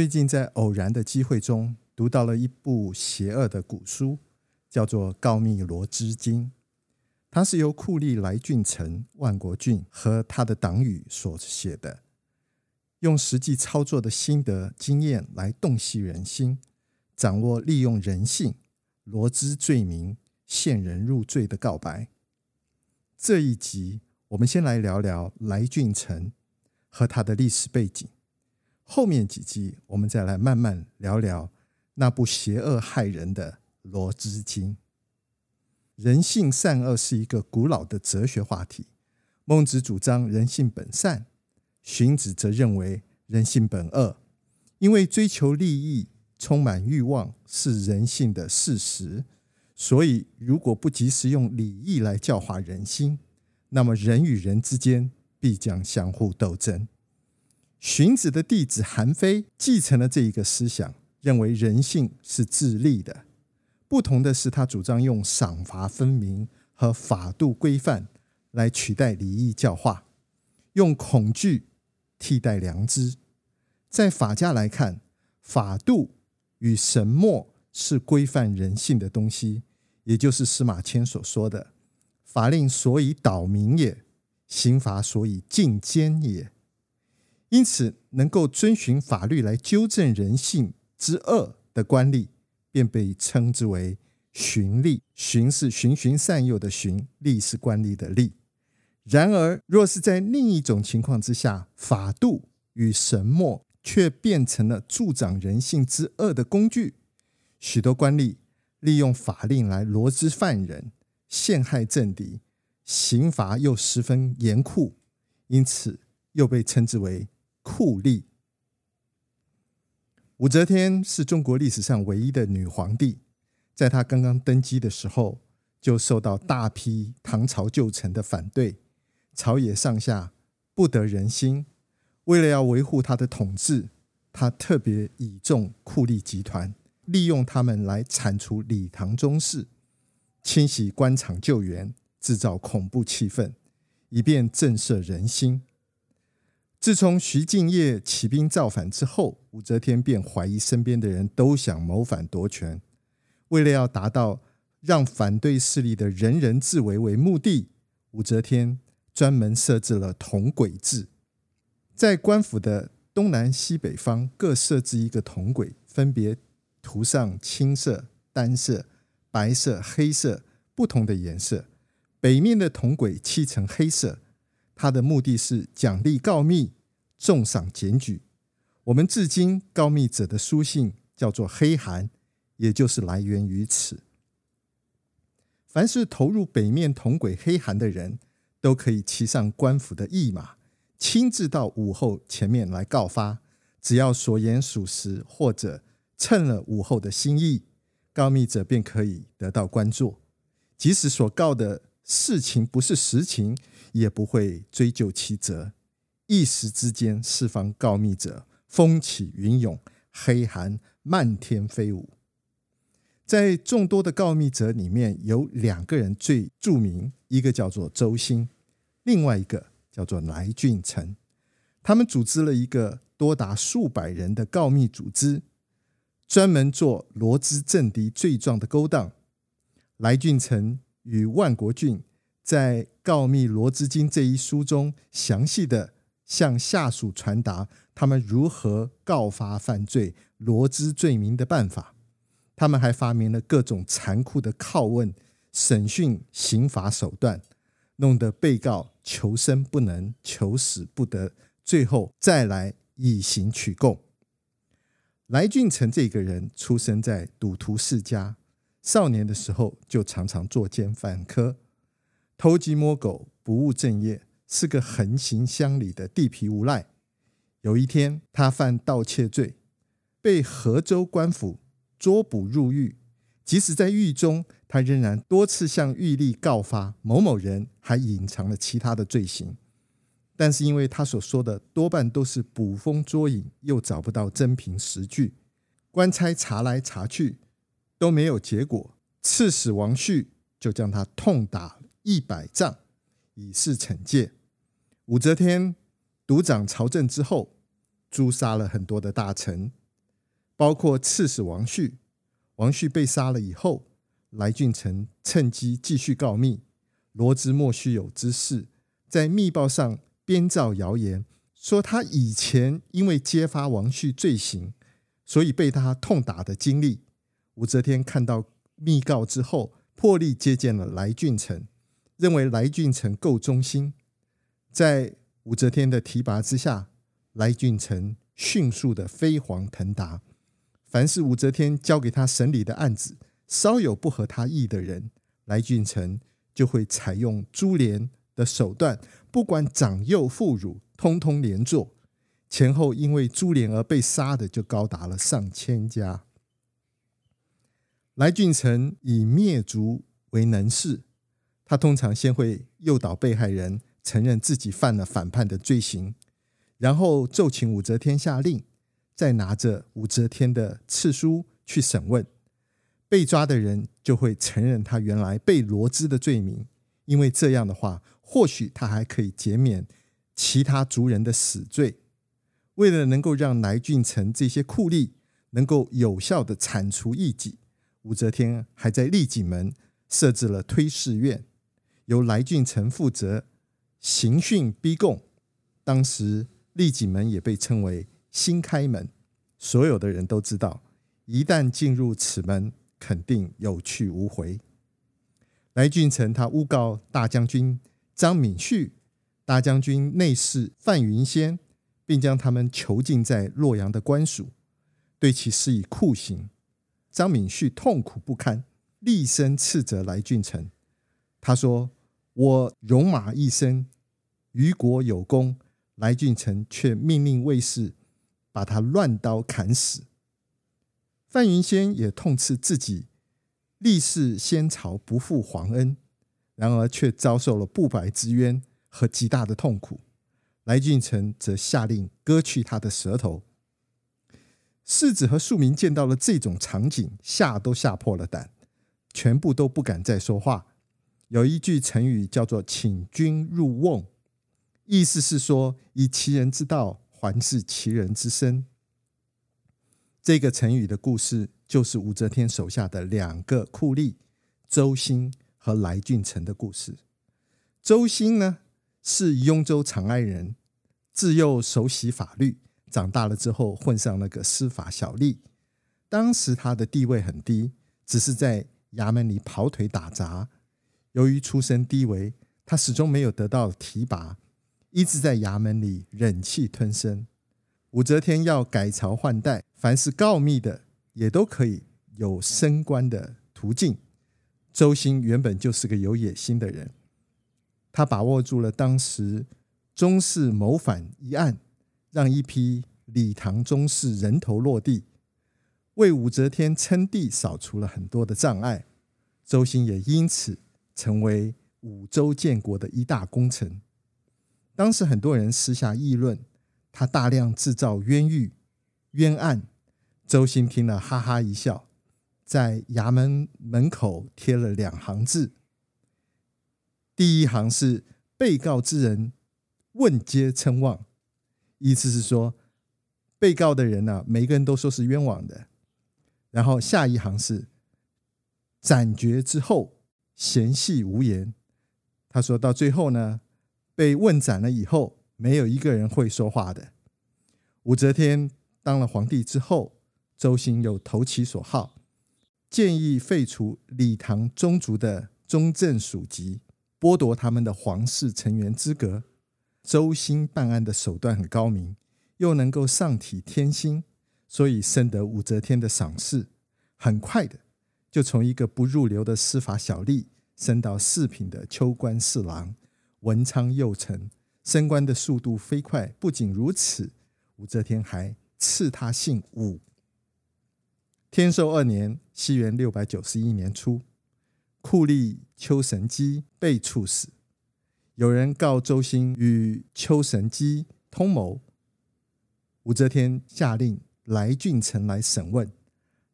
最近在偶然的機會中讀到了一部邪惡的古書，叫做《告密羅織經》，它是由酷吏來俊臣、萬國俊和他的黨羽所寫的，用實際操作的心得經驗來洞悉人心，掌握利用人性羅織罪名、陷人入罪的告白。這一集我們先來聊聊來俊臣和他的歷史背景。後面幾集，我們再來慢慢聊聊那部邪惡害人的《羅織經》。人性善惡是一個古老的哲學話題。孟子主張人性本善，荀子則認為人性本惡。因為追求利益、充滿欲望是人性的事實，所以如果不及時用禮義來教化人心，那麼人與人之間必將相互鬥爭。荀子的弟子韓非繼承了這一個思想，認為人性是自利的。不同的是，他主張用賞罰分明和法度規範來取代禮義教化，用恐懼替代良知。在法家來看，法度與繩墨是規範人性的東西，也就是司馬遷所說的“法令所以導民也，刑罰所以禁奸也”。因此，能夠遵循法律來糾正人性之惡的官吏，便被稱之為循吏。循是循循善誘的循，吏是官吏的吏。然而，若是在另一種情況之下，法度與繩墨却變成了助長人性之惡的工具。許多官吏利用法令來羅織犯人、陷害政敵，刑罰又十分嚴酷，因此又被稱之為。酷吏。武則天是中國歷史上唯一的女皇帝，在她剛剛登基的時候，就受到大批唐朝舊臣的反對，朝野上下不得人心。為了要維護她的統治，她特別倚重酷吏集團，利用他們來鏟除李唐宗室，清洗官場舊員，制造恐怖氣氛，以便震懾人心。自從徐敬業起兵造反之後，武則天便懷疑身邊的人都想謀反奪權。為了要達到讓反對勢力的人人自危為，為目的，武則天專門設置了銅匭制，在官府的東南西北方各設置一個銅匭，分別塗上青色、丹色、白色、黑色不同的顏色。北面的銅匭漆成黑色。他的目的是獎勵告密，重賞檢舉。我們至今告密者的書信叫做“黑函”，也就是來源於此。凡是投入北面銅匭黑函的人，都可以騎上官府的驛馬，親自到武後前面來告發。只要所言屬實，或者稱了武後的心意，告密者便可以得到關注。即使所告的，事情不是實情，也不會追究其責。一時之間，四方告密者風起雲湧，黑函漫天飛舞。在眾多的告密者裡面，有兩個人最著名，一個叫做周興，另外一個叫做來俊臣。他們組織了一個多達數百人的告密組織，專門做羅織政敵罪狀的勾當。來俊臣。與萬國俊在《告密羅織經》這一書中，詳細的向下屬傳達他們如何告發犯罪、羅織罪名的辦法。他們還發明了各種殘酷的拷問、審訊、刑罰手段，弄得被告求生不能、求死不得，最後再來以刑取供。來俊臣這個人出生在賭徒世家。少年的時候就常常作奸犯科、偷雞摸狗，不務正業，是個橫行鄉里的地痞無賴。有一天，他犯盜竊罪，被合州官府捉捕入獄。即使在獄中，他仍然多次向獄吏告發某某人，還隱藏了其他的罪行。但是，因為他所說的多半都是捕風捉影，又找不到真憑實據，官差查來查去。都沒有結果，刺史王旭就將他痛打一百杖，以示懲戒。武則天獨掌朝政之後，誅殺了很多的大臣，包括刺史王旭。王旭被殺了以後，來俊臣趁機繼續告密，羅織莫須有之事，在密報上編造謠言，說他以前因為揭發王旭罪行，所以被他痛打的經歷。武則天看到密告之後，破例接見了來俊臣，認為來俊臣夠忠心。在武則天的提拔之下，來俊臣迅速的飛黃騰達。凡是武則天交給他審理的案子，稍有不合他意的人，來俊臣就會採用株連的手段，不管長幼婦孺，通通連坐。前後因為株連而被殺的，就高達了上千家。來俊臣以滅族為能事，他通常先會誘導被害人承認自己犯了反叛的罪行，然後奏請武則天下令，再拿着武則天的敕書去審問，被抓的人就會承認他原來被羅織的罪名。因為這樣的話，或許他還可以減免其他族人的死罪。為了能夠讓來俊臣這些酷吏能夠有效地鏟除異己。武則天還在麗景門設置了推事院，由來俊臣負責刑訊逼供。當時麗景門也被稱為新開門，所有的人都知道，一旦進入此門，肯定有去無回。來俊臣他誣告大將軍張敏旭，大將軍內侍范雲仙，並將他們囚禁在洛陽的官署，對其施以酷刑。張敏旭痛苦不堪，厲聲斥責來俊臣。他說：“我戎馬一生，於國有功，來俊臣卻命令衛士把他亂刀砍死。”范雲仙也痛斥自己，立誓先朝不負皇恩，然而卻遭受了不白之冤和極大的痛苦。來俊臣則下令割去他的舌頭。世子和庶民見到了這種場景，嚇都嚇破了膽，全部都不敢再說話。有一句成語叫做“請君入甕”，意思是說以其人之道還治其人之身。這個成語的故事就是武則天手下的兩個酷吏周興和來俊臣的故事。周興呢，是雍州長安人，自幼熟悉法律。長大了之後混上那個司法小吏，當時他的地位很低，只是在衙門裡跑腿打雜。由於出身低微，他始終沒有得到提拔，一直在衙門裡忍氣吞聲。武則天要改朝換代，凡是告密的也都可以有升官的途徑。周興原本就是個有野心的人，他把握住了當時宗室謀反一案，讓一批李唐宗室人頭落地，為武則天稱帝掃除了很多的障礙。周興也因此成為武周建國的一大功臣。當時很多人私下議論他大量制造冤獄、冤案。周興聽了哈哈一笑，在衙門門口貼了兩行字：第一行是“被告之人，問皆稱枉”，意思是說。被告的人呢、啊，每個人都說是冤枉的。然後下一行是斬決之後，咸係無言。他說到最後呢，被問斬了以後，沒有一個人會說話的。武則天當了皇帝之後，周興又投其所好，建議廢除李唐宗族的宗正屬籍，剝奪他們的皇室成員資格。周興辦案的手段很高明。又能夠上體天心，所以深得武則天的賞識。很快的，就從一個不入流的司法小吏升到四品的秋官侍郎、文昌右丞，升官的速度飛快。不僅如此，武則天還賜他姓武。天授二年（西元六百九十一年初），酷吏丘神勣被處死，有人告周興與丘神勣通謀。武則天下令來俊臣來審問，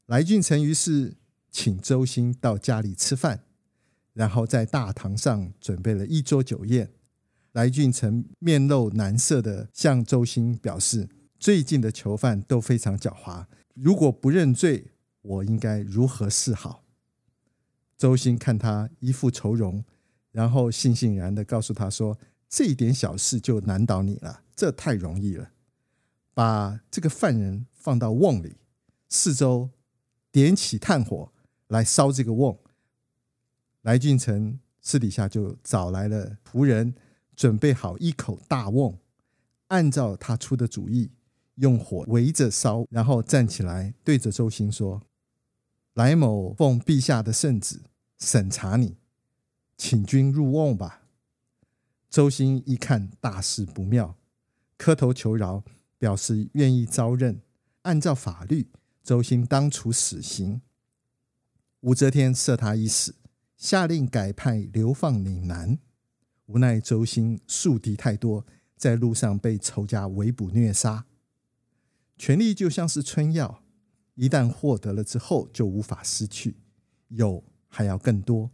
來俊臣於是請周興到家裡吃飯，然後在大堂上準備了一桌酒宴。來俊臣面露難色的向周興表示，最近的囚犯都非常狡猾，如果不認罪，我應該如何是好？周興看他一副愁容，然後欣欣然的告訴他說：“這點小事就難倒你了，這太容易了。”把這個犯人放到甕裡，四周點起炭火來燒這個甕。來俊臣私底下就找來了僕人，準備好一口大甕，按照他出的主意，用火圍着燒，然後站起來對着周興說：“來某奉陛下的聖旨，審查你，請君入甕吧。”周興一看大事不妙，磕頭求饒。表示願意招認，按照法律，周興當處死刑。武則天赦他一死，下令改派流放嶺南。無奈周興樹敵太多，在路上被仇家圍捕虐殺。權力就像是春藥，一旦獲得了之後就無法失去，有還要更多，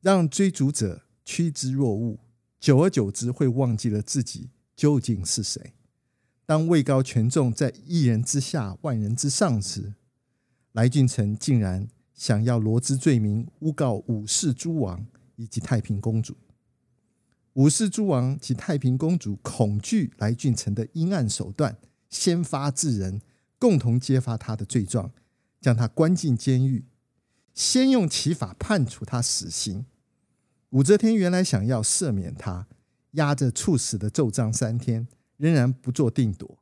讓追逐者趨之若鶩，久而久之會忘記了自己究竟是誰。當位高權重，在一人之下、萬人之上時，來俊臣竟然想要羅織罪名，誣告武氏諸王以及太平公主。武氏諸王及太平公主恐懼來俊臣的陰暗手段，先發制人，共同揭發他的罪狀，將他關進監獄，先用其法判處他死刑。武則天原來想要赦免他，壓着處死的奏章三天。仍然不做定奪。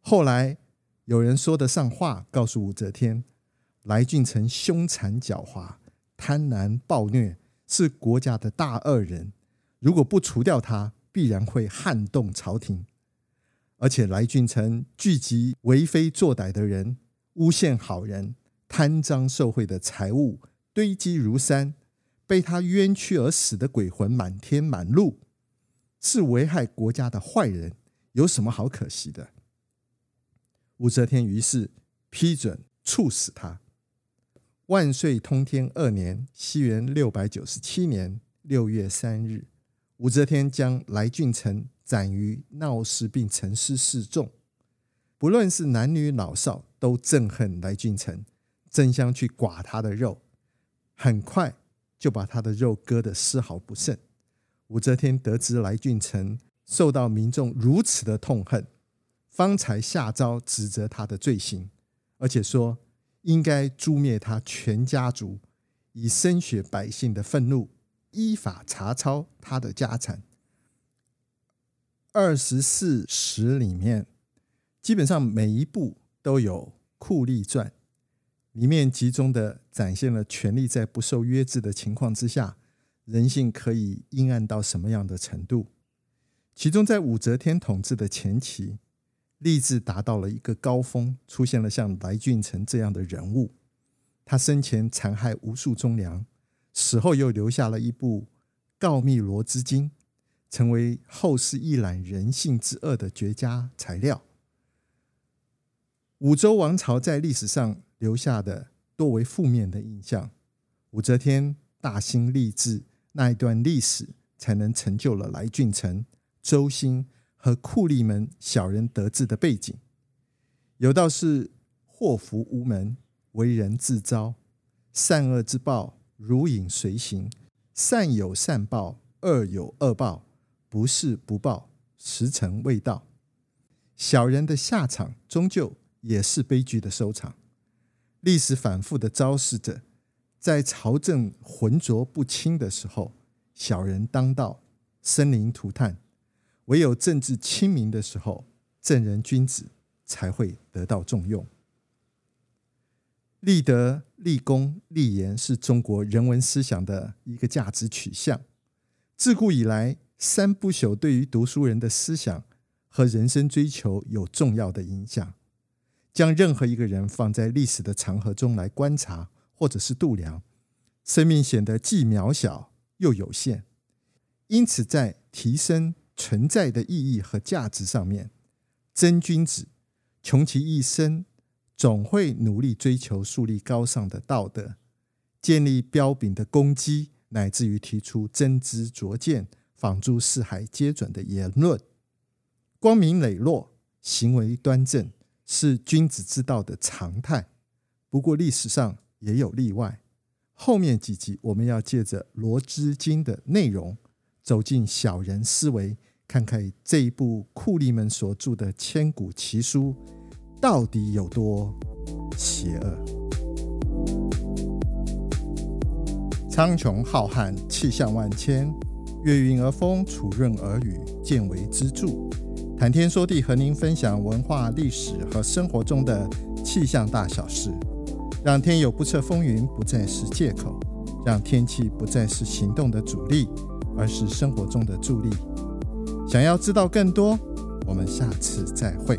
後來，有人說得上話，告訴武則天：“來俊臣兇殘狡猾，貪婪暴虐，是國家的大惡人。如果不除掉他，必然會撼動朝廷。而且，來俊臣聚集為非作歹的人，誣陷好人，貪贓受賄的財物堆積如山，被他冤屈而死的鬼魂滿天滿路，是危害國家的壞人。”有什麼好可惜的？武則天於是批准處死他。萬歲通天二年（西元六百九十七年）六月三日，武則天將來俊臣斬於鬧市，並陳屍示眾。不論是男女老少，都憎恨來俊臣，爭相去剮他的肉，很快就把他的肉割得絲毫不剩。武則天得知來俊臣，受到民眾如此的痛恨，方才下詔指責他的罪行，而且說應該誅滅他全家族，以申雪百姓的憤怒，依法查抄他的家產。二十四史裡面，基本上每一部都有酷吏傳，裡面集中的展現了權力在不受約制的情況之下，人性可以陰暗到什麼樣的程度。其中，在武則天統治的前期，吏治達到了一個高峰，出現了像來俊臣這樣的人物。他生前殘害無數忠良，死後又留下了一部《告密羅織經》，成為後世一覽人性之惡的絕佳材料。武周王朝在歷史上留下的多為負面的印象。武則天大興吏治那一段歷史，才能成就了來俊臣。周興和酷吏們小人得志的背景，有道是禍福無門，為人自招；善惡之報如影隨形，善有善報，惡有惡報，不是不報，時辰未到。小人的下場終究也是悲劇的收場。歷史反覆的昭示着，在朝政渾濁不清的時候，小人當道，生靈塗炭。唯有政治清明的時候，正人君子才會得到重用。立德、立功、立言是中國人文思想的一個價值取向。自古以來，“三不朽”對於讀書人的思想和人生追求有重要的影響。將任何一個人放在歷史的長河中來觀察或者是度量，生命顯得既渺小又有限。因此，在提升存在的意義和價值上面，真君子窮其一生，總會努力追求樹立高尚的道德，建立彪炳的功績，乃至於提出真知灼見、仿諸四海皆準的言論。光明磊落、行為端正是君子之道的常態。不過歷史上也有例外。後面幾集我們要借着《羅織經》的內容，走進小人思維。看看這一部酷吏們所著的千古奇書，到底有多邪惡？蒼穹浩瀚，氣象萬千，月暈而風，礎潤而雨，見微知著。談天說地，和您分享文化、歷史和生活中的氣象大小事，讓天有不測風雲不再是借口，讓天氣不再是行動的阻力，而是生活中的助力。想要知道更多，我們下次再會。